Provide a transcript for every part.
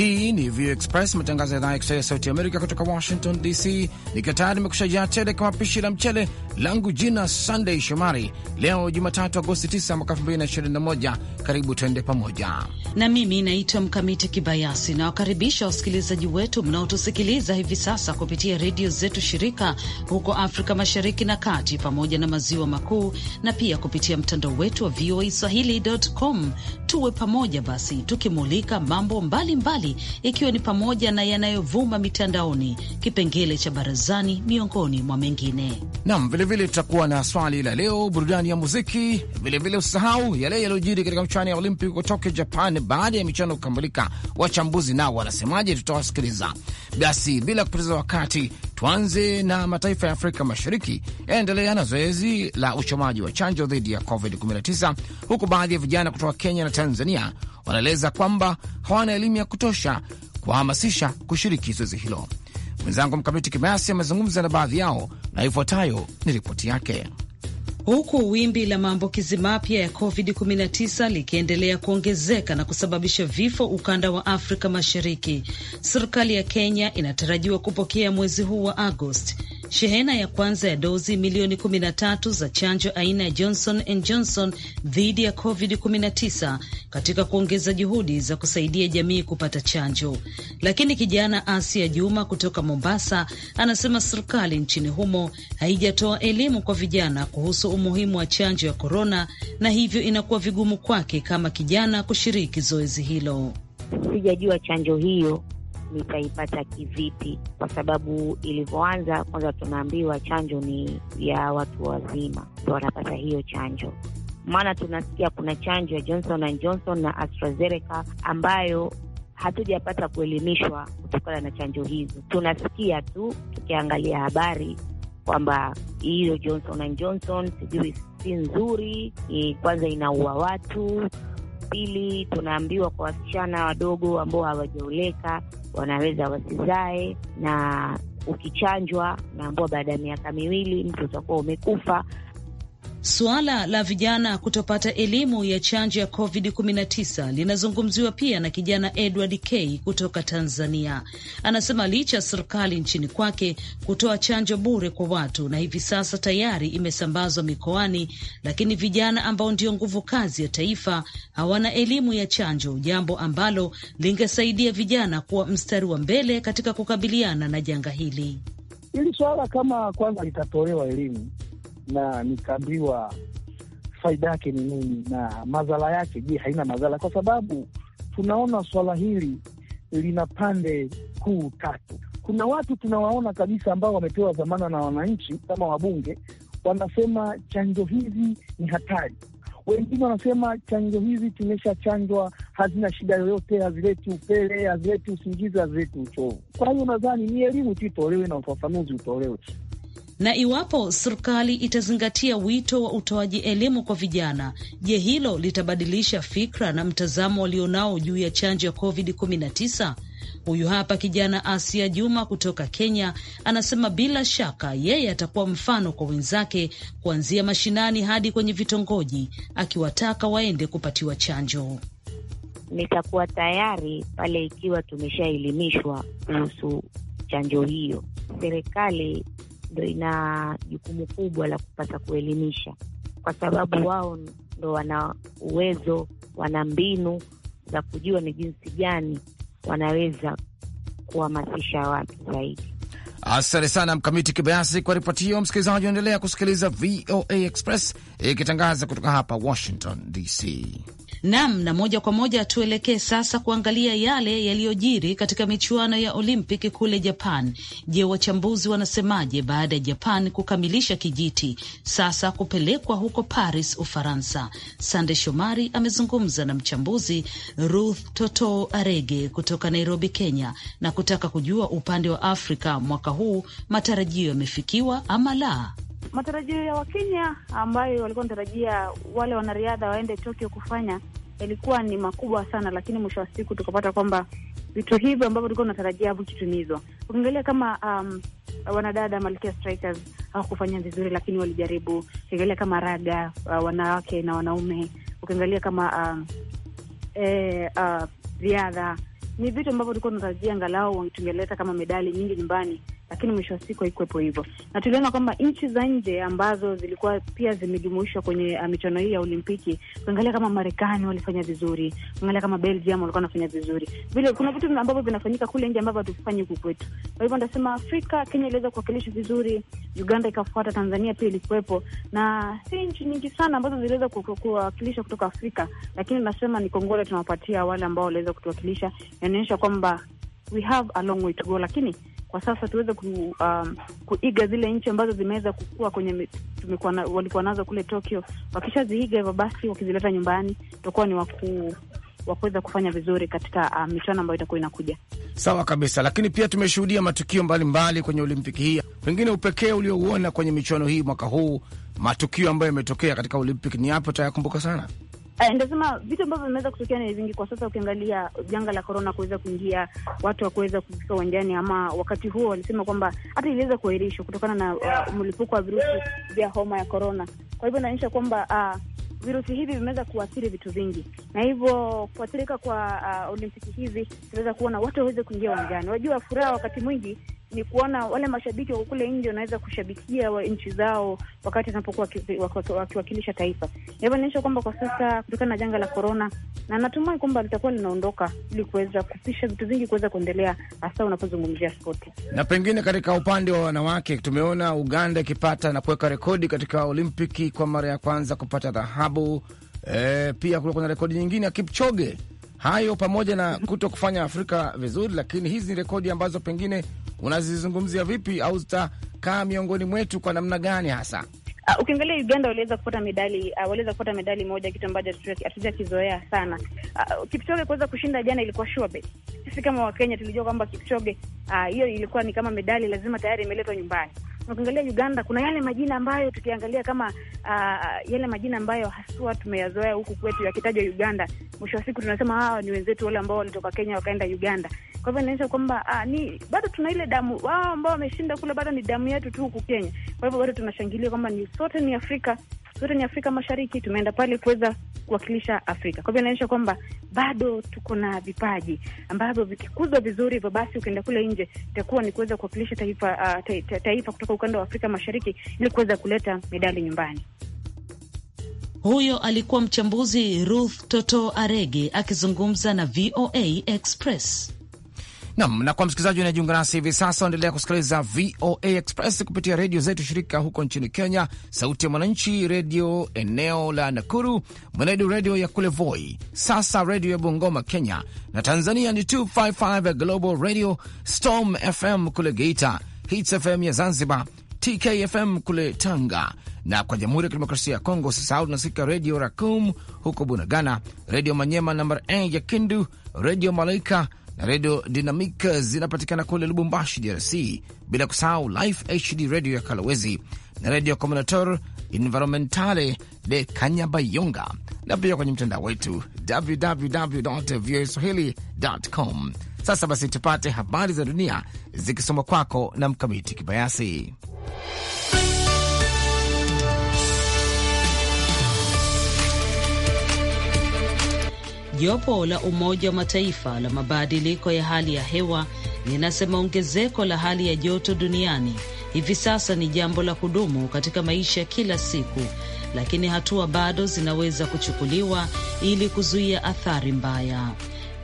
Hii ni VOA Express, matangazo ya idhaa ya Kiswahili ya Sauti Amerika kutoka Washington DC. Nikiwa tayari nimekusha jaa tele kama pishi la mchele langu, jina Sunday Shomari. Leo Jumatatu, Agosti 9 mwaka 2021. Karibu tuende pamoja na mimi naitwa Mkamiti Kibayasi. Nawakaribisha wasikilizaji wetu mnaotusikiliza hivi sasa kupitia redio zetu shirika huko Afrika Mashariki na Kati pamoja na Maziwa Makuu, na pia kupitia mtandao wetu wa VOA Swahili.com. Tuwe pamoja basi tukimulika mambo mbalimbali mbali ikiwa ni pamoja na yanayovuma mitandaoni, kipengele cha barazani, miongoni mwa mengine. Nam, vilevile tutakuwa na swali la leo, burudani ya muziki, vilevile usisahau yale yaliyojiri katika michuano ya Olimpiki kutoka Japan. Baada ya michuano kukamilika, wachambuzi nao wanasemaje? Tutawasikiliza. Basi bila kupoteza wakati Tuanze na mataifa ya Afrika Mashariki yanaendelea na zoezi la uchomaji wa chanjo dhidi ya COVID-19, huku baadhi ya vijana kutoka Kenya na Tanzania wanaeleza kwamba hawana elimu ya kutosha kuwahamasisha kushiriki zoezi hilo. Mwenzangu Mkamiti Kimayasi amezungumza na baadhi yao na ifuatayo ni ripoti yake huku wimbi la maambukizi mapya ya COVID-19 likiendelea kuongezeka na kusababisha vifo ukanda wa Afrika Mashariki. Serikali ya Kenya inatarajiwa kupokea mwezi huu wa Agosti Shehena ya kwanza ya dozi milioni 13 za chanjo aina ya Johnson and Johnson dhidi ya COVID-19 katika kuongeza juhudi za kusaidia jamii kupata chanjo. Lakini kijana Asia Juma kutoka Mombasa anasema serikali nchini humo haijatoa elimu kwa vijana kuhusu umuhimu wa chanjo ya korona, na hivyo inakuwa vigumu kwake kama kijana kushiriki zoezi hilo. Sijajua chanjo hiyo nitaipata kivipi? Kwa sababu ilivyoanza, kwanza tunaambiwa chanjo ni ya watu wazima ndio wanapata hiyo chanjo maana tunasikia kuna chanjo ya Johnson and Johnson na AstraZeneca ambayo hatujapata kuelimishwa kutokana na chanjo hizo. Tunasikia tu tukiangalia habari kwamba hiyo Johnson and Johnson sijui si nzuri, kwanza inaua watu, pili, tunaambiwa kwa wasichana wadogo ambao hawajaoleka wanaweza wasizae, na ukichanjwa unaambiwa baada ya miaka miwili mtu utakuwa umekufa. Suala la vijana kutopata elimu ya chanjo ya COVID-19 linazungumziwa pia na kijana Edward K kutoka Tanzania. Anasema licha ya serikali nchini kwake kutoa chanjo bure kwa watu na hivi sasa tayari imesambazwa mikoani, lakini vijana ambao ndio nguvu kazi ya taifa hawana elimu ya chanjo, jambo ambalo lingesaidia vijana kuwa mstari wa mbele katika kukabiliana na janga hili. Hili swala kama kwanza litatolewa elimu na nikaambiwa faida yake ni nini na madhara yake. Je, haina madhara? Kwa sababu tunaona swala hili lina pande kuu tatu. Kuna watu tunawaona kabisa ambao wamepewa dhamana na wananchi kama wabunge, wanasema chanjo hizi ni hatari. Wengine wanasema chanjo hizi tumesha chanjwa hazina shida yoyote, hazileti upele, hazileti usingizi, hazileti uchovu. Kwa hiyo nadhani ni elimu tu itolewe na ufafanuzi utolewe, na iwapo serikali itazingatia wito wa utoaji elimu kwa vijana, je, hilo litabadilisha fikra na mtazamo walionao juu ya chanjo ya COVID-19? Huyu hapa kijana Asia Juma kutoka Kenya anasema bila shaka yeye atakuwa mfano kwa wenzake, kuanzia mashinani hadi kwenye vitongoji, akiwataka waende kupatiwa chanjo. Nitakuwa tayari pale ikiwa tumeshaelimishwa kuhusu chanjo hiyo. Serikali ndo ina jukumu kubwa la kupata kuelimisha, kwa sababu wao ndo wana uwezo, wana mbinu za kujua ni jinsi gani wanaweza kuhamasisha watu zaidi. Asante sana Mkamiti Kibayasi kwa ripoti hiyo. Msikilizaji, unaendelea kusikiliza VOA Express ikitangaza kutoka hapa Washington DC. Nam na moja kwa moja tuelekee sasa kuangalia yale yaliyojiri katika michuano ya Olimpiki kule Japan. Je, wachambuzi wanasemaje baada ya Japan kukamilisha kijiti sasa kupelekwa huko Paris, Ufaransa? Sande Shomari amezungumza na mchambuzi Ruth Toto Arege kutoka Nairobi, Kenya, na kutaka kujua upande wa Afrika mwaka huu matarajio yamefikiwa ama la matarajio ya Wakenya ambayo walikuwa wanatarajia wale wanariadha waende Tokyo kufanya yalikuwa ni makubwa sana, lakini mwisho wa siku tukapata kwamba vitu hivyo ambavyo tulikuwa tunatarajia havikitimizwa. Ukiangalia kama um, wanadada Malkia Strikers hawakufanya vizuri, lakini walijaribu. Ukiangalia kama raga uh, wanawake na wanaume, ukiangalia kama uh, eh, uh, riadha ni vitu ambavyo tulikuwa tunatarajia angalau tungeleta kama medali nyingi nyumbani, lakini mwisho wa siku haikuwepo hivyo, na tuliona kwamba nchi za nje ambazo zilikuwa pia zimejumuishwa kwenye uh, michuano hii ya Olimpiki, kuangalia kama Marekani walifanya vizuri, kuangalia kama Belgium walikuwa wanafanya vizuri vile. Kuna vitu ambavyo vinafanyika kule nje ambavyo hatufanyi huku kwetu. Kwa hivyo ndasema Afrika, Kenya iliweza kuwakilisha vizuri Uganda ikafuata, Tanzania pia ilikuwepo, na si nchi nyingi sana ambazo ziliweza kuwakilisha kutoka Afrika, lakini nasema ni kongole tunawapatia wale ambao waliweza kutuwakilisha. Inaonyesha kwamba we have a long way to go, lakini kwa sasa tuweze ku, um, kuiga zile nchi ambazo zimeweza kukua kwenye tumekuwa na, walikuwa nazo kule Tokyo. Wakishaziiga hivyo basi, wakizileta nyumbani tutakuwa ni wakuu wa kuweza kufanya vizuri katika uh, michuano ambayo itakuwa inakuja. Sawa kabisa, lakini pia tumeshuhudia matukio mbalimbali mbali kwenye olimpiki hii. Pengine upekee uliouona kwenye michuano hii mwaka huu, matukio ambayo yametokea katika olimpiki ni yapo utayakumbuka sana? Eh, Ndasema vitu ambavyo vimeweza kutokea ni vingi kwa sasa. Ukiangalia janga la korona kuweza kuingia, watu wakuweza kufika uwanjani, ama wakati huo walisema kwamba hata iliweza kuahirishwa kutokana na uh, mlipuko wa virusi vya homa ya korona. Kwa hivyo inaonyesha kwamba uh, virusi hivi vimeweza kuathiri vitu vingi, na hivyo kuathirika kwa uh, olimpiki hizi tunaweza kuona watu waweze kuingia uwanjani. Wajua, furaha wakati mwingi ni kuona wale mashabiki wako kule nje wanaweza kushabikia wa nchi zao wakati wanapokuwa wakiwakilisha taifa. Hivyo inaonyesha kwamba kwa sasa, kutokana na janga la korona, na natumai kwamba litakuwa linaondoka ili kuweza kupisha vitu vingi kuweza kuendelea, hasa unapozungumzia spoti. Na pengine katika upande wa wanawake, tumeona Uganda ikipata na kuweka rekodi katika Olimpiki kwa mara ya kwanza kupata dhahabu. E, pia kulikuwa na rekodi nyingine ya Kipchoge hayo pamoja na kuto kufanya Afrika vizuri, lakini hizi ni rekodi ambazo pengine unazizungumzia vipi au zitakaa miongoni mwetu kwa namna gani hasa? Uh, ukiangalia Uganda waliweza kupata medali uh, waliweza kupata medali moja, kitu ambacho kizoea sana. Uh, Kipchoge kuweza kushinda jana ilikuwa sure bet. Sisi kama Wakenya tulijua kwamba Kipchoge hiyo, uh, ilikuwa ni kama medali lazima tayari imeletwa nyumbani ukiangalia Uganda kuna yale majina ambayo tukiangalia kama uh, yale majina ambayo haswa tumeyazoea huku kwetu yakitajwa Uganda, mwisho wa siku tunasema hawa ah, ni wenzetu wale ambao walitoka Kenya wakaenda Uganda. Kwa hivyo inaonyesha kwamba uh, ni bado tuna ile damu, wao ambao wameshinda kule bado ni damu yetu tu huku Kenya. Kwa hivyo bado tunashangilia kwamba ni sote ni Afrika, sote ni Afrika Mashariki, tumeenda pale kuweza kuwakilisha Afrika. Kwa hivyo inaonyesha kwamba bado tuko na vipaji ambavyo vikikuzwa vizuri hivyo basi, ukienda kule nje itakuwa ni kuweza kuwakilisha taifa, uh, ta, ta, taifa kutoka ukanda wa Afrika Mashariki ili kuweza kuleta medali nyumbani. Huyo alikuwa mchambuzi Ruth Toto Arege akizungumza na VOA Express. Nam na kwa msikilizaji unayejiunga nasi hivi sasa, unaendelea kusikiliza VOA Express kupitia redio zetu shirika huko nchini Kenya, Sauti ya Mwananchi redio eneo la Nakuru, Mwenedu redio ya kule Voi, sasa redio ya Bungoma Kenya, na Tanzania ni 255 ya Global Radio, Storm FM kule Geita, Hits FM ya Zanzibar, TKFM kule Tanga, na kwa Jamhuri ya Kidemokrasia ya Kongo sisahau tunasikika redio Rakum huko Bunagana, redio Manyema namba ya Kindu, redio Malaika na redio Dynamic zinapatikana kule Lubumbashi, DRC, bila kusahau Life HD redio ya Kalowezi na redio Communator Environmentale de Kanyabayonga, na pia kwenye mtandao wetu www voa swahili.com. Sasa basi, tupate habari za dunia zikisoma kwako na Mkamiti Kibayasi. Jopo la Umoja wa Mataifa la mabadiliko ya hali ya hewa linasema ongezeko la hali ya joto duniani hivi sasa ni jambo la kudumu katika maisha kila siku, lakini hatua bado zinaweza kuchukuliwa ili kuzuia athari mbaya.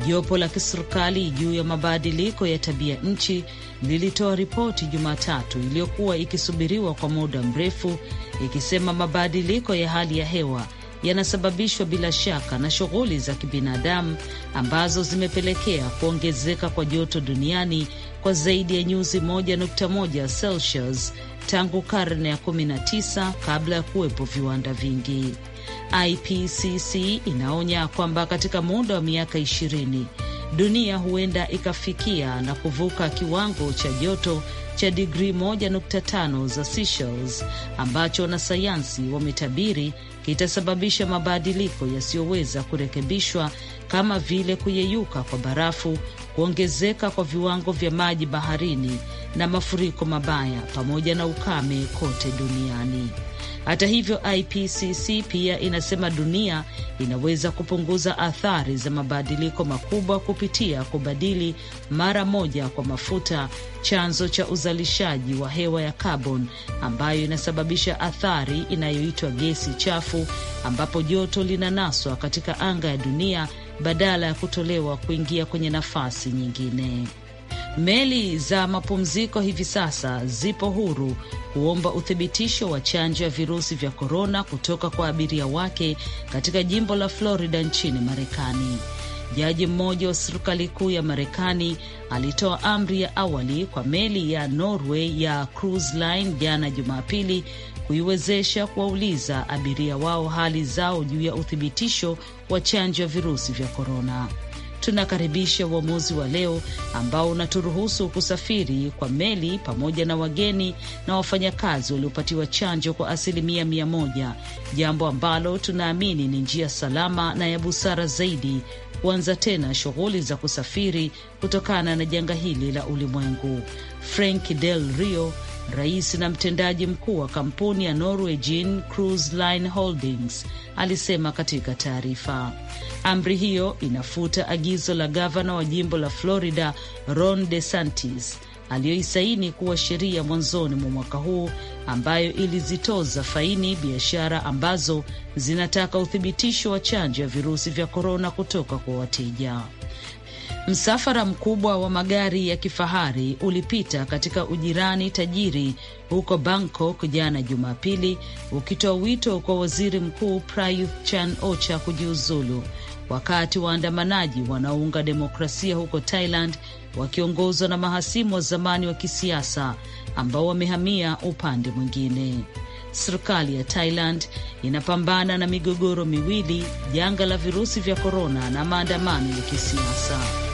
Jopo la kiserikali juu ya mabadiliko ya tabia nchi lilitoa ripoti Jumatatu iliyokuwa ikisubiriwa kwa muda mrefu ikisema mabadiliko ya hali ya hewa yanasababishwa bila shaka na shughuli za kibinadamu ambazo zimepelekea kuongezeka kwa joto duniani kwa zaidi ya nyuzi 1.1 Celsius tangu karne ya 19 kabla ya kuwepo viwanda vingi. IPCC inaonya kwamba katika muda wa miaka 20 dunia huenda ikafikia na kuvuka kiwango cha joto cha digrii 1.5 za Celsius ambacho wanasayansi wametabiri kitasababisha mabadiliko yasiyoweza kurekebishwa kama vile kuyeyuka kwa barafu, kuongezeka kwa viwango vya maji baharini na mafuriko mabaya pamoja na ukame kote duniani. Hata hivyo, IPCC pia inasema dunia inaweza kupunguza athari za mabadiliko makubwa kupitia kubadili mara moja kwa mafuta, chanzo cha uzalishaji wa hewa ya carbon ambayo inasababisha athari inayoitwa gesi chafu, ambapo joto linanaswa katika anga ya dunia badala ya kutolewa kuingia kwenye nafasi nyingine. Meli za mapumziko hivi sasa zipo huru kuomba uthibitisho wa chanjo ya virusi vya korona kutoka kwa abiria wake katika jimbo la Florida nchini Marekani. Jaji mmoja wa serikali kuu ya Marekani alitoa amri ya awali kwa meli ya Norway ya Cruise Line jana Jumapili kuiwezesha kuwauliza abiria wao hali zao juu ya uthibitisho wa chanjo ya virusi vya korona tunakaribisha uamuzi wa leo ambao unaturuhusu kusafiri kwa meli pamoja na wageni na wafanyakazi waliopatiwa chanjo kwa asilimia mia moja, jambo ambalo tunaamini ni njia salama na ya busara zaidi kuanza tena shughuli za kusafiri kutokana na janga hili la ulimwengu. Frank Del Rio Rais na mtendaji mkuu wa kampuni ya Norwegian Cruise Line Holdings alisema katika taarifa. Amri hiyo inafuta agizo la gavana wa jimbo la Florida Ron DeSantis aliyoisaini kuwa sheria mwanzoni mwa mwaka huu ambayo ilizitoza faini biashara ambazo zinataka uthibitisho wa chanjo ya virusi vya korona kutoka kwa wateja. Msafara mkubwa wa magari ya kifahari ulipita katika ujirani tajiri huko Bangkok jana Jumapili, ukitoa wito kwa waziri mkuu Prayuth Chan Ocha kujiuzulu, wakati waandamanaji wanaounga demokrasia huko Thailand wakiongozwa na mahasimu wa zamani wa kisiasa ambao wamehamia upande mwingine. Serikali ya Thailand inapambana na migogoro miwili, janga la virusi vya korona na maandamano ya kisiasa.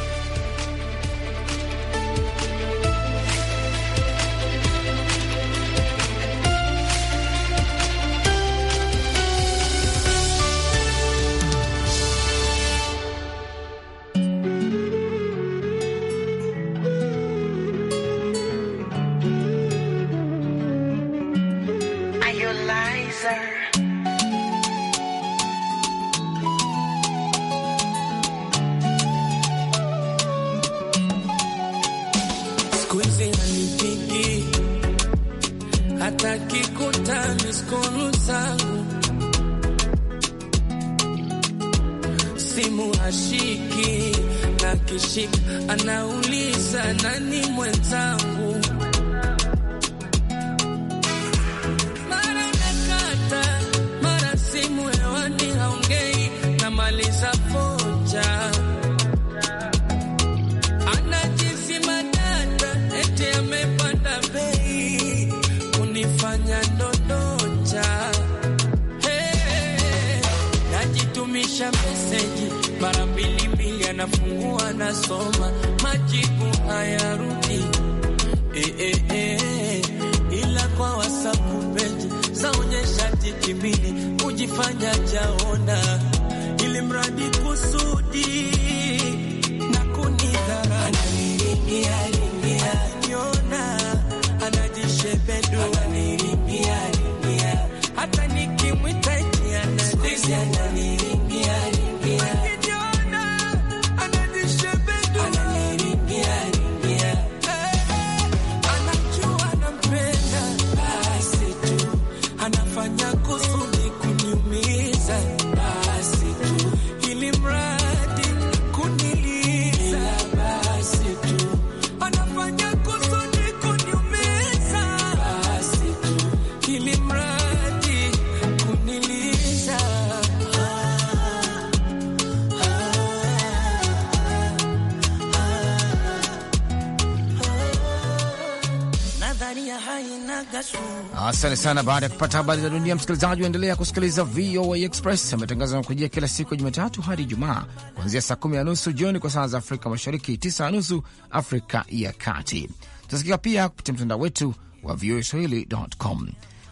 sana baada ya kupata habari za dunia. Msikilizaji, waendelea kusikiliza VOA Express. Ametangaza makujia kila siku ya Jumatatu hadi Ijumaa kuanzia saa kumi na nusu jioni kwa saa za Afrika Mashariki, tisa na nusu Afrika ya Kati. Tutasikika pia kupitia mtandao wetu wa VOA Swahili.com.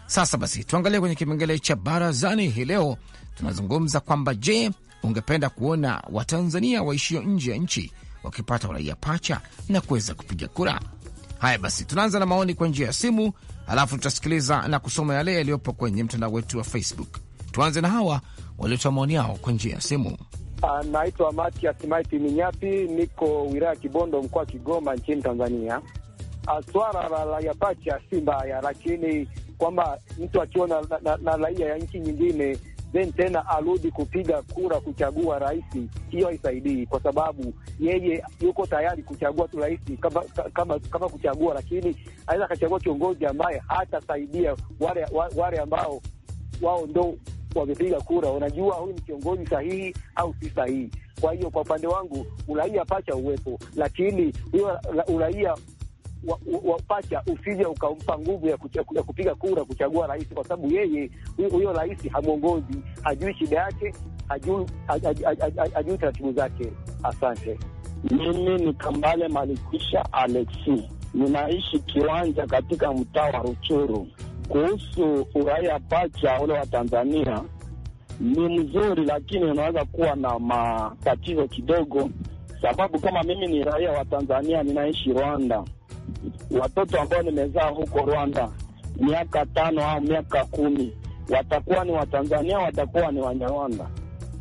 Sasa basi, tuangalie kwenye kipengele cha barazani hii leo. Tunazungumza kwamba je, ungependa kuona Watanzania waishio nje ya nchi wakipata uraia pacha na kuweza kupiga kura? Haya basi, tunaanza na maoni kwa njia ya simu alafu tutasikiliza na kusoma yale yaliyopo kwenye mtandao wetu wa Facebook. Tuanze na hawa waliotoa maoni yao kwa njia ya simu. Ah, naitwa Matias Maiti Minyapi, niko wilaya Kibondo, mkoa wa Kigoma, nchini Tanzania. Ah, swala la raia pacha si mbaya, lakini kwamba mtu akiwa na raia ya nchi nyingine then tena arudi kupiga kura kuchagua rais, hiyo haisaidii, kwa sababu yeye yuko tayari kuchagua tu rais kama, kama, kama kuchagua, lakini anaweza akachagua kiongozi ambaye hatasaidia wale, wale ambao wao ndo wamepiga kura wanajua huyu ni kiongozi sahihi au si sahihi. Kwa hiyo kwa upande wangu uraia pacha uwepo, lakini huyo uraia wapacha usije ukampa nguvu ya, ya kupiga kura kuchagua rais, kwa sababu yeye huyo rais hamwongozi, hajui shida yake, hajui hajui taratibu zake. Asante. Mimi ni Kambale malikisha Alexi, ninaishi Kiwanja katika mtaa wa Ruchuru. Kuhusu uraia pacha ule wa Tanzania ni mzuri, lakini unaweza kuwa na matatizo kidogo, sababu kama mimi ni raia wa Tanzania, ninaishi Rwanda watoto ambao nimezaa huko Rwanda miaka tano au miaka kumi watakuwa ni Watanzania, watakuwa ni Wanyarwanda.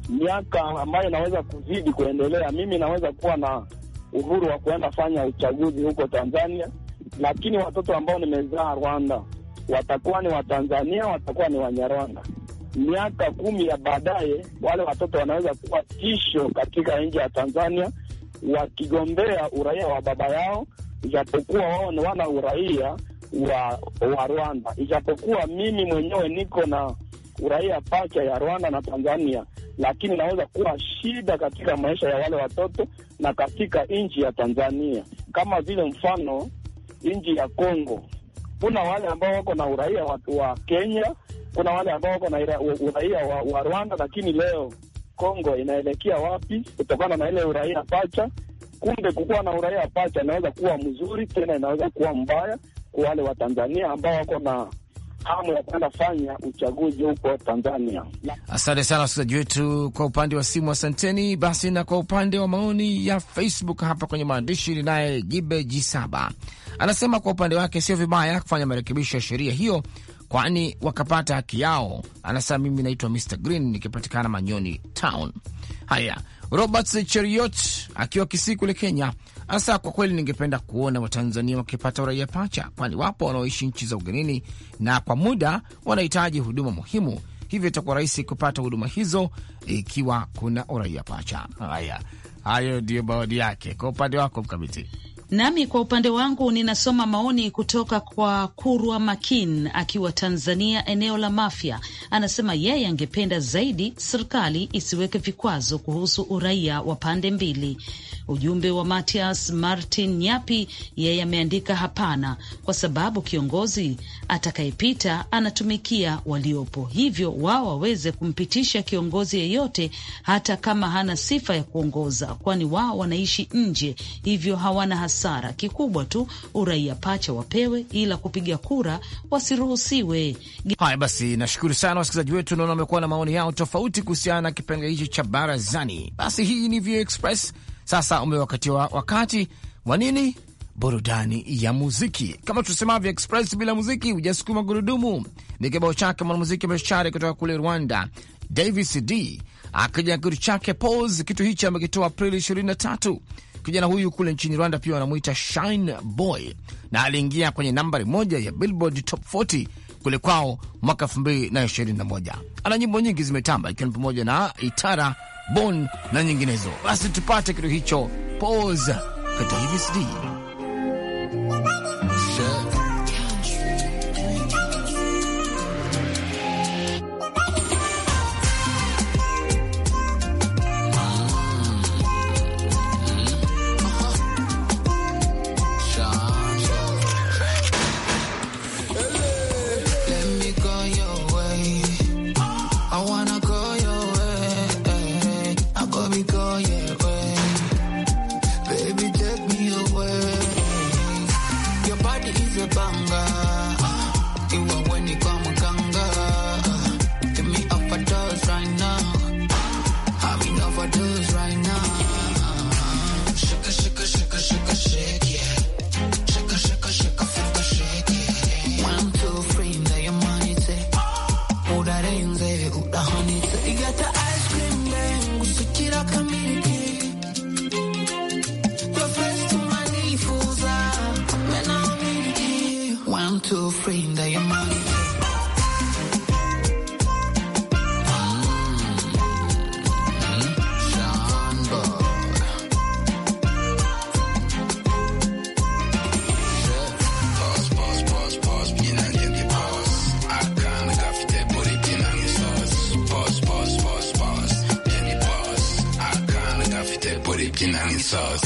Miaka ambayo inaweza kuzidi kuendelea, mimi naweza kuwa na uhuru wa kuenda fanya uchaguzi huko Tanzania, lakini watoto ambao nimezaa Rwanda watakuwa ni Watanzania, watakuwa ni Wanyarwanda. Miaka kumi ya baadaye, wale watoto wanaweza kuwa tisho katika nchi ya Tanzania, wakigombea uraia wa baba yao ijapokuwa wao wana uraia wa, wa Rwanda, ijapokuwa mimi mwenyewe niko na uraia pacha ya Rwanda na Tanzania, lakini naweza kuwa shida katika maisha ya wale watoto na katika nchi ya Tanzania, kama vile mfano nchi ya Kongo kuna wale ambao wako na uraia wa, wa Kenya, kuna wale ambao wako na uraia wa, wa Rwanda, lakini leo Kongo inaelekea wapi kutokana na ile uraia pacha? Kumbe kukuwa na uraia pacha inaweza kuwa mzuri, tena inaweza kuwa mbaya kwa wale wa Tanzania ambao wako na hamu ya kwenda fanya uchaguzi huko Tanzania. Asante sana wasikilizaji wetu kwa upande wa simu, asanteni. Basi na kwa upande wa maoni ya Facebook hapa kwenye maandishi, ninaye Gibe G7 anasema kwa upande wake sio vibaya kufanya marekebisho ya sheria hiyo, kwani wakapata haki yao. Anasema mimi naitwa Mr Green nikipatikana Manyoni Town. Haya, Robert Cheriot akiwa Kisii kule Kenya hasa, kwa kweli ningependa kuona Watanzania wakipata uraia pacha, kwani wapo wanaoishi nchi za ugenini na kwa muda wanahitaji huduma muhimu, hivyo itakuwa rahisi kupata huduma hizo ikiwa kuna uraia pacha. Haya, hayo ndiyo baadhi yake. Kwa upande wako Mkamiti. Nami kwa upande wangu ninasoma maoni kutoka kwa Kurwa Makin akiwa Tanzania, eneo la Mafia. Anasema yeye angependa zaidi serikali isiweke vikwazo kuhusu uraia wa pande mbili. Ujumbe wa Matias Martin Nyapi, yeye ameandika hapana, kwa sababu kiongozi atakayepita anatumikia waliopo, hivyo wao waweze kumpitisha kiongozi yeyote, hata kama hana sifa ya kuongoza, kwani wao wanaishi nje, hivyo hawana hasara. Kikubwa tu uraia pacha wapewe, ila kupiga kura wasiruhusiwe. Haya basi, nashukuru sana wasikilizaji wetu, naona wamekuwa na maoni yao tofauti kuhusiana na kipengele hicho cha barazani. Basi hii ni Vio Express sasa umewakati wa wakati wa nini? Burudani ya muziki. Kama tusemavyo Express bila muziki hujasukuma gurudumu. Ni kibao chake mwanamuziki mashari kutoka kule Rwanda, Davis D akija kitu chake Pose. Kitu hichi amekitoa Aprili 23. Kijana huyu kule nchini Rwanda pia wanamuita Shine Boy, na aliingia kwenye nambari moja ya Billboard Top 40 kule kwao mwaka 2021. Ana nyimbo nyingi zimetamba, ikiwa ni pamoja na Itara Bon na nyinginezo. Basi tupate kitu hicho pos katika hivi Texas.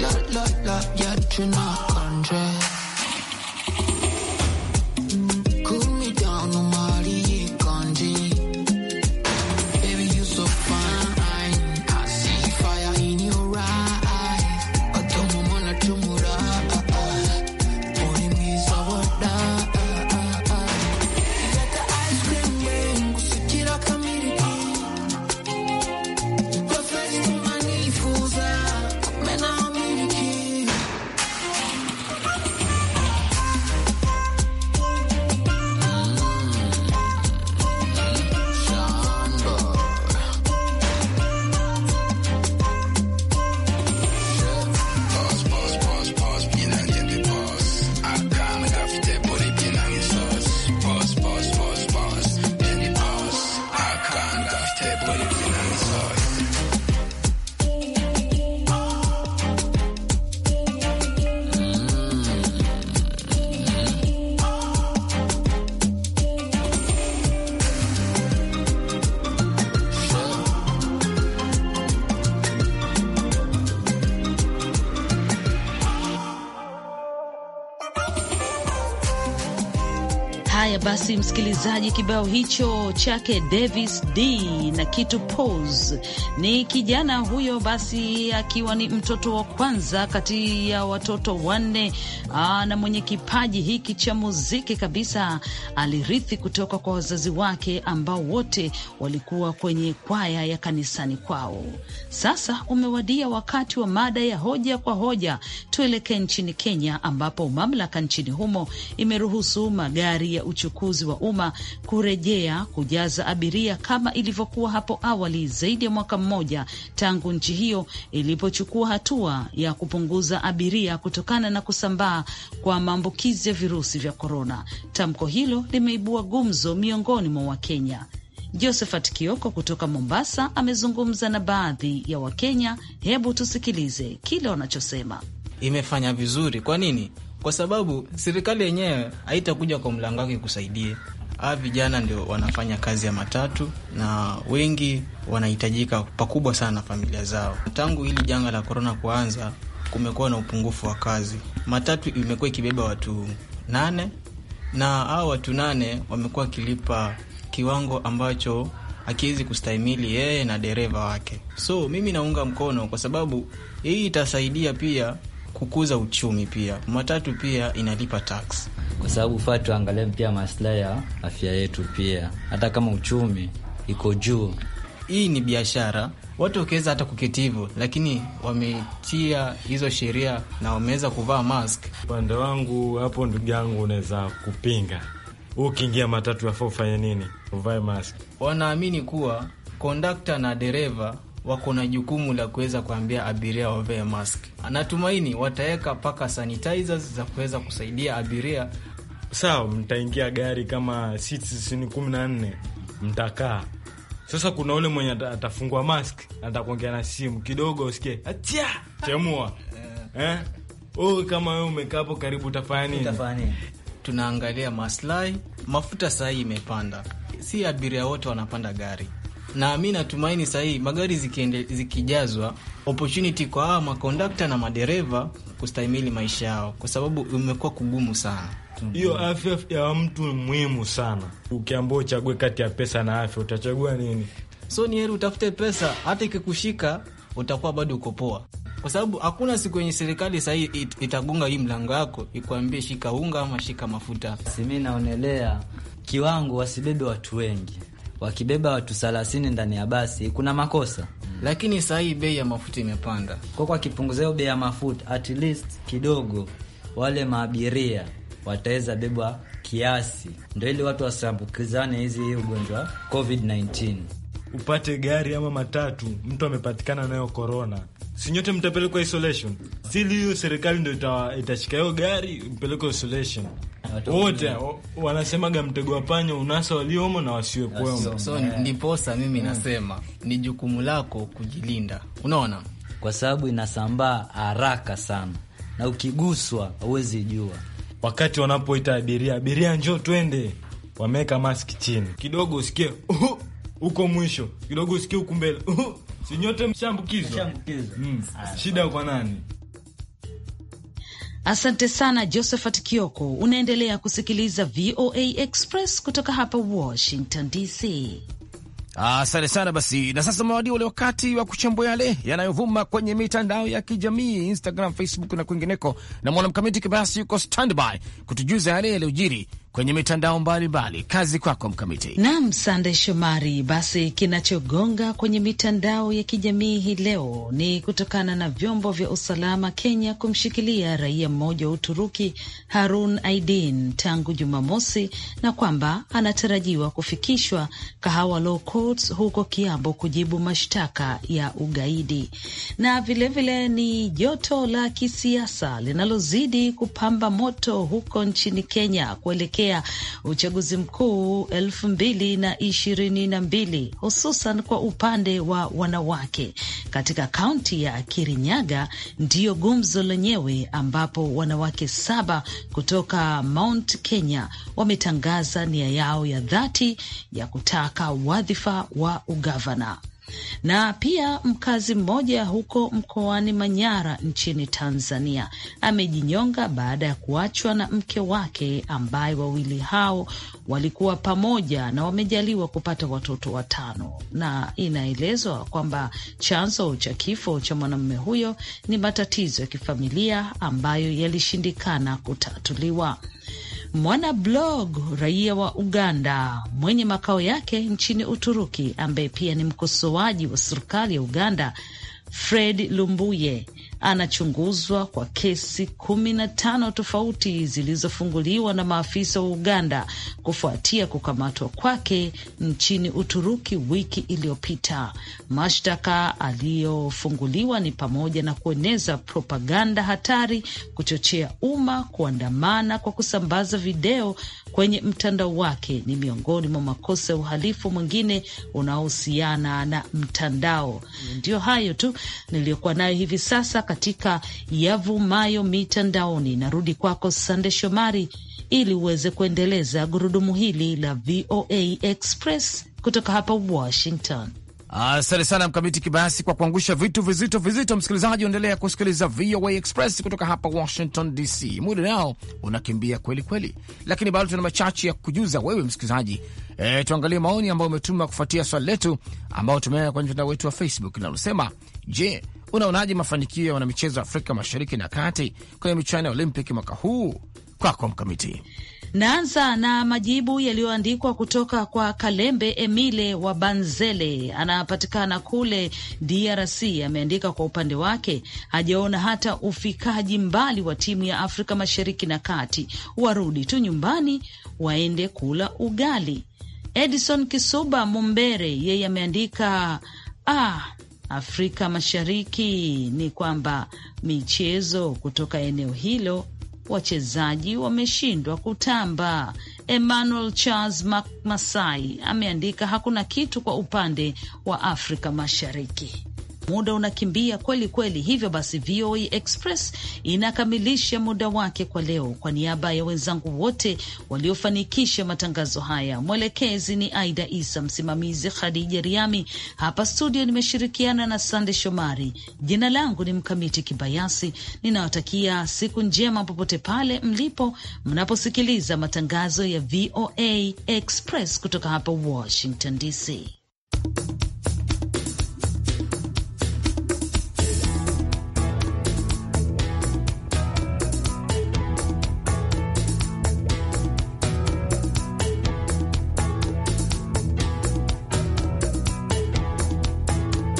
La la la, yeah, you basi msikilizaji, kibao hicho chake Davis D na kitu pose ni kijana huyo, basi akiwa ni mtoto wa kwanza kati ya watoto wanne Ah, na mwenye kipaji hiki cha muziki kabisa alirithi kutoka kwa wazazi wake ambao wote walikuwa kwenye kwaya ya kanisani kwao. Sasa umewadia wakati wa mada ya hoja kwa hoja. Tuelekee nchini Kenya ambapo mamlaka nchini humo imeruhusu magari ya uchukuzi wa umma kurejea kujaza abiria kama ilivyokuwa hapo awali, zaidi ya mwaka mmoja tangu nchi hiyo ilipochukua hatua ya kupunguza abiria kutokana na kusambaa kwa maambukizi ya virusi vya korona. Tamko hilo limeibua gumzo miongoni mwa Wakenya. Josephat Kioko kutoka Mombasa amezungumza na baadhi ya Wakenya. Hebu tusikilize kile wanachosema. Imefanya vizuri. Kwa nini? Kwa sababu serikali yenyewe haitakuja kwa mlango wake ikusaidie. Hawa vijana ndio wanafanya kazi ya matatu na wengi wanahitajika pakubwa sana na familia zao. Tangu hili janga la korona kuanza, kumekuwa na upungufu wa kazi. Matatu imekuwa ikibeba watu nane na hao watu nane wamekuwa wakilipa kiwango ambacho akiwezi kustahimili yeye na dereva wake. So mimi naunga mkono kwa sababu hii itasaidia pia kukuza uchumi. Pia matatu pia inalipa tax, kwa sababu faa tuangalie pia maslahi ya afya yetu pia, hata kama uchumi iko juu. Hii ni biashara watu wakiweza hata kuketi hivyo, lakini wametia hizo sheria na wameweza kuvaa mask. Upande wangu hapo, ndugu yangu, unaweza kupinga huu, ukiingia matatu afa ufanye nini? Uvae mask. Wanaamini kuwa kondakta na dereva wako na jukumu la kuweza kuambia abiria wavee mask. Anatumaini wataweka mpaka sanitizers za kuweza kusaidia abiria. Sawa, mtaingia gari kama siti kumi na nne, mtakaa sasa kuna ule mwenye atafungua mask, atakuongea na simu kidogo, usikie atia chemua eh. eh, oh, kama wewe umekaa hapo karibu, utafanya nini? Utafanya nini? Tunaangalia maslahi. Mafuta sahii imepanda, si abiria wote wanapanda gari na mi natumaini sahii magari zikiende, zikijazwa opportunity kwa hawa makondakta na madereva kustahimili maisha yao, kwa sababu imekuwa kugumu sana hiyo afya ya mtu ni muhimu sana. Ukiambia uchague kati ya pesa na afya, utachagua nini? So ni heri utafute pesa, hata ikikushika utakuwa bado uko poa, kwa sababu hakuna siku yenye serikali sahii it, itagonga hii mlango yako ikuambie shika unga ama shika mafuta. Simi naonelea kiwango wasibebe watu wengi, wakibeba watu thelathini ndani ya basi kuna makosa hmm. lakini saa hii bei ya mafuta imepanda, kwa kwa kipunguzao bei ya mafuta at least kidogo, wale maabiria wataweza bebwa kiasi, ndo ili watu wasiambukizane hizi ugonjwa COVID-19. Upate gari ama matatu, mtu amepatikana nayo korona, si nyote mtapelekwa isolation? Sili hiyo serikali ndo itashika hiyo gari mpelekwa isolation wote wanasemaga mtego wa panya unasa waliomo na wasiokuwemo. So eh. ndiposa mimi mm. nasema ni jukumu lako kujilinda, unaona, kwa sababu inasambaa haraka sana na ukiguswa huwezi jua wakati wanapoita abiria, abiria njoo twende, wameweka maski chini kidogo, usikie huko mwisho kidogo, usikie huku mbele, sinyote mshambukizwa. Mm, ah, shida kwa nani? Asante sana Josephat Kioko. Unaendelea kusikiliza VOA Express kutoka hapa Washington DC. Asante sana basi, na sasa mawadi ule wakati wa kuchambua yale yanayovuma kwenye mitandao ya kijamii Instagram, Facebook na kwingineko, na mwanamkamiti Kibasi yuko standby kutujuza yale yaliyojiri kwenye mitandao mbalimbali. Kazi kwako Mkamiti. Naam, Sande Shomari. Basi kinachogonga kwenye mitandao ya kijamii hii leo ni kutokana na vyombo vya usalama Kenya kumshikilia raia mmoja wa Uturuki Harun Aidin tangu Jumamosi na kwamba anatarajiwa kufikishwa Kahawa Law Courts huko Kiambu kujibu mashtaka ya ugaidi. Na vilevile vile ni joto la kisiasa linalozidi kupamba moto huko nchini Kenya kuelekea kuelekea uchaguzi mkuu elfu mbili na ishirini na mbili hususan kwa upande wa wanawake katika kaunti ya Kirinyaga ndiyo gumzo lenyewe, ambapo wanawake saba kutoka Mount Kenya wametangaza nia yao ya dhati ya kutaka wadhifa wa ugavana na pia mkazi mmoja huko mkoani Manyara nchini Tanzania amejinyonga baada ya kuachwa na mke wake ambaye wawili hao walikuwa pamoja na wamejaliwa kupata watoto watano, na inaelezwa kwamba chanzo cha kifo cha mwanamume huyo ni matatizo ya kifamilia ambayo yalishindikana kutatuliwa mwana blog raia wa Uganda mwenye makao yake nchini Uturuki, ambaye pia ni mkosoaji wa serikali ya Uganda, Fred Lumbuye anachunguzwa kwa kesi kumi na tano tofauti zilizofunguliwa na maafisa wa Uganda kufuatia kukamatwa kwake nchini Uturuki wiki iliyopita. Mashtaka aliyofunguliwa ni pamoja na kueneza propaganda hatari, kuchochea umma kuandamana kwa kusambaza video kwenye mtandao wake, ni miongoni mwa makosa ya uhalifu mwingine unaohusiana na mtandao. Ndiyo hayo tu niliyokuwa nayo hivi sasa katika yavumayo mitandaoni. Narudi kwako Sande Shomari ili uweze kuendeleza gurudumu hili la VOA Express kutoka hapa Washington. Asante sana Mkamiti Kibayasi kwa kuangusha vitu vizito vizito. Msikilizaji, uendelea kusikiliza VOA Express kutoka hapa Washington DC. Muda nao unakimbia kweli kweli, lakini bado tuna machache ya kujuza wewe msikilizaji. E, tuangalie maoni ambayo umetuma kufuatia swali letu ambayo tumeweka kwenye mtandao wetu wa Facebook linalosema: Je, Unaonaje mafanikio ya wanamichezo wa Afrika Mashariki na Kati kwenye michuano ya olympic mwaka huu? Kwako Mkamiti. Naanza na majibu yaliyoandikwa kutoka kwa Kalembe Emile wa Banzele, anapatikana kule DRC. Ameandika kwa upande wake hajaona hata ufikaji mbali wa timu ya Afrika Mashariki na Kati, warudi tu nyumbani waende kula ugali. Edison Kisuba Mumbere yeye ameandika ah, Afrika Mashariki ni kwamba michezo kutoka eneo hilo wachezaji wameshindwa kutamba. Emmanuel Charles mcmasai ameandika hakuna kitu kwa upande wa Afrika Mashariki. Muda unakimbia kweli kweli, hivyo basi VOA Express inakamilisha muda wake kwa leo. Kwa niaba ya wenzangu wote waliofanikisha matangazo haya, mwelekezi ni Aida Isa, msimamizi Khadija Riami, hapa studio nimeshirikiana na Sande Shomari. Jina langu ni Mkamiti Kibayasi, ninawatakia siku njema popote pale mlipo mnaposikiliza matangazo ya VOA Express kutoka hapa Washington DC.